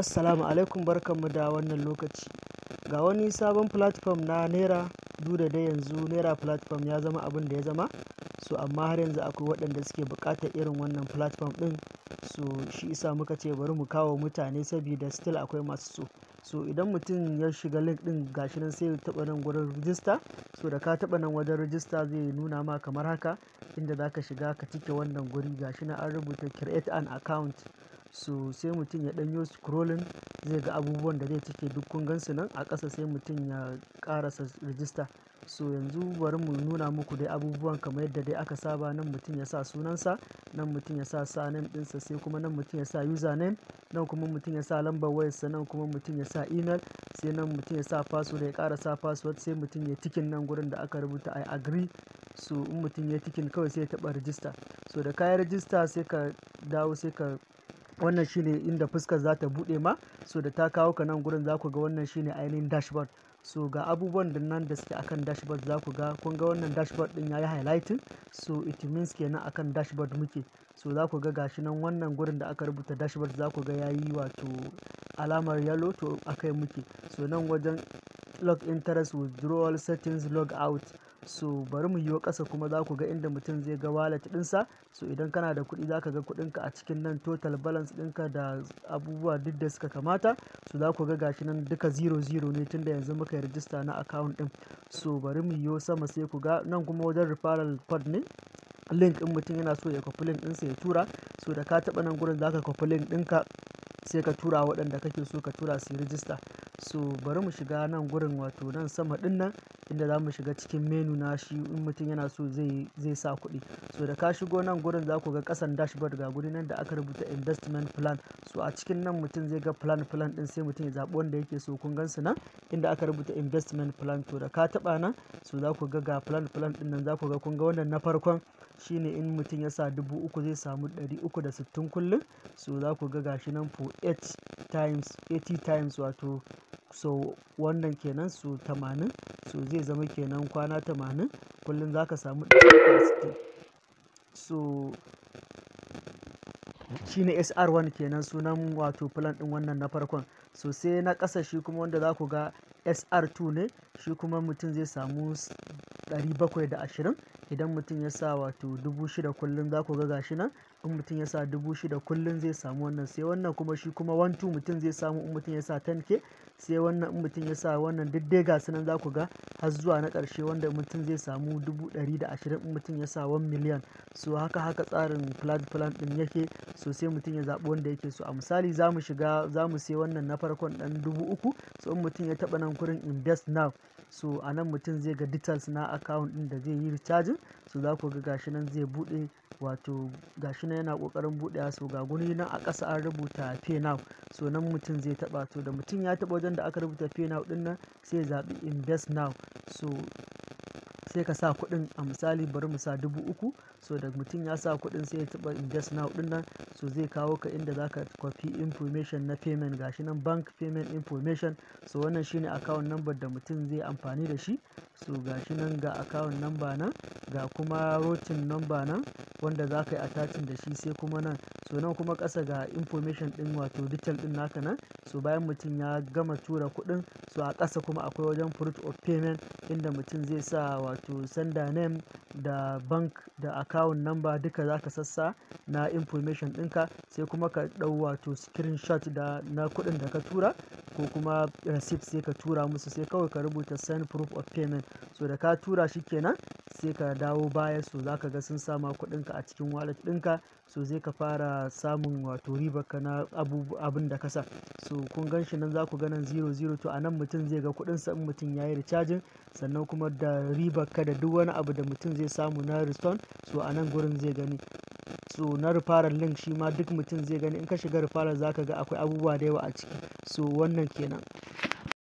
assalamu alaikum barkanmu da wannan lokaci ga wani sabon platform na naira duk da yanzu naira platform ya zama abin da ya zama so amma har yanzu akwai waɗanda suke buƙatar irin wannan platform ɗin so shi isa muka ce bari mu kawo mutane sabida still akwai masu so so idan mutum ya shiga link ɗin gashi nan sai ya taɓa nan gurin rijista so da ka taɓa nan wajen rijista zai nuna ma kamar haka inda za ka shiga ka cike wannan guri gashi nan an rubuta create an account So sai mutum ya ɗanyo scrolling zai ga abubuwan da zai cike duk kun gansu nan a ƙasa sai mutum ya ƙarasa register. So yanzu bari mu nuna muku dai abubuwan kamar yadda dai aka saba nan mutum ya sa sunansa, nan mutum ya sa surname ɗinsa sai kuma nan mutum ya sa username, nan kuma mutum ya sa lambar wayarsa, nan kuma mutum ya sa email, sai nan mutum ya sa password ya ƙara sa password sai mutum ya tikin nan gurin da aka rubuta I agree. So in mutum ya tikin kawai sai ya taɓa register. So da ka yi register sai ka dawo sai ka wannan shine inda fuskar za ta buɗe ma so da ta kawo ka nan gurin za ku ga wannan shine ainihin dashboard so ga abubuwan da nan da suke akan dashboard za ku ga kun ga wannan dashboard din yayi highlighting so it means kenan akan dashboard muke so za ku ga gashi nan wannan gurin da aka rubuta dashboard za ku ga ya yi wato alamar yellow to akai muke so nan wajen log interest withdrawal settings log out So bari mu yiwo kasa kuma za ku ga inda mutum zai ga wallet ɗinsa. So idan kana da kuɗi za ka ga ka a cikin nan total balance ɗinka da abubuwa duk da suka kamata. So za ku ga gashi nan duka zero zero ne tunda yanzu muka yi rijista na account ɗin. So bari mu yiwo sama sai ku ga nan kuma wajen referral code ne. Link in mutum yana so ya kwafi link ɗinsa ya tura. So da ka taɓa nan gurin za ka kwafi link ɗinka sai ka tura waɗanda kake so ka tura su yi rijista. So bari mu shiga nan gurin wato nan sama ɗin nan inda za mu shiga cikin menu na shi in mutum yana so zai sa kuɗi so da ka shigo nan gurin za ku ga ƙasan dashboard ga guri nan da aka rubuta investment plan so a cikin nan mutum zai ga plan plan ɗin sai mutum ya zaɓi wanda yake so kun gan su nan inda aka rubuta investment plan to da ka taɓa nan so za ku ga ga plan plan ɗin nan za ku ga kun ga wannan na farkon shine in mutum ya sa dubu uku zai samu ɗari uku da sittin kullum so za ku ga gashi nan for eight times eighty times wato so wannan kenan su tamanin. so zai zama kenan kwana tamanin kullum za ka samu sittin so shine SR1 kenan sunan wato plan ɗin wannan na farkon so sai na ƙasa shi kuma wanda za ku ga SR2 ne shi kuma mutum zai samu ɗari bakwai da ashirin idan mutum ya sa wato shida kullum za ku ga gashi nan in mutum ya sa dubu shida kullum zai samu wannan sai wannan kuma shi kuma one two mutum zai samu in mutum ya sa ten k sai wannan in mutum ya sa wannan duk dai ga nan za ku ga har zuwa na ƙarshe wanda mutum zai samu dubu ɗari da ashirin in mutum ya sa 1 miliyan so haka haka tsarin plan plan ɗin yake so sai mutum ya zaɓi wanda yake so a misali za mu shiga za mu sai wannan na farkon ɗan dubu uku so in mutum ya taɓa nan kurin invest now so a nan mutum zai ga details na account ɗin da zai yi recharging so za ku ga gashi nan zai buɗe wato gashi nan yana ƙoƙarin buɗewa so ga guri nan a ƙasa an rubuta pay now so nan mutum zai taɓa to da mutum ya taɓa wajen da aka rubuta pay now ɗin nan sai ya zaɓi invest now so sai ka sa kuɗin a misali bari mu sa dubu uku so da mutum ya sa kuɗin sai ya taɓa indes na ɗin nan so zai kawo ka inda za ka kwafi information na payment gashi nan bank payment information so wannan shine account number da mutum zai amfani da shi so gashi nan ga account number nan ga kuma routing number nan wanda za ka yi attaching da shi sai kuma nan so nan kuma ƙasa ga information ɗin wato detail ɗin naka nan so bayan mutum ya gama tura kuɗin so a ƙasa kuma akwai wajen proof of payment inda mutum zai sa wato wato sender name da bank da account number duka za ka sassa na information ɗinka sai kuma ka ɗau wato shot da na kuɗin da ka tura ko kuma receipt sai ka tura musu sai kawai ka rubuta send proof of payment so da ka tura shi kenan sai ka dawo baya so za ka ga sun sama ka a cikin wallet ɗinka so zai ka fara samun wato ribar ka na abun da ka sa. So kun gan shi nan za ku ga nan zero zero to a nan mutum zai ga sa in mutum ya yi recharging sannan kuma da ribar ka da duk wani abu da mutum zai samu na return so a nan gurin zai gani. So na referral link shi ma duk mutum zai gani in ka shiga referral za ka ga akwai abubuwa da yawa a ciki so wannan kenan.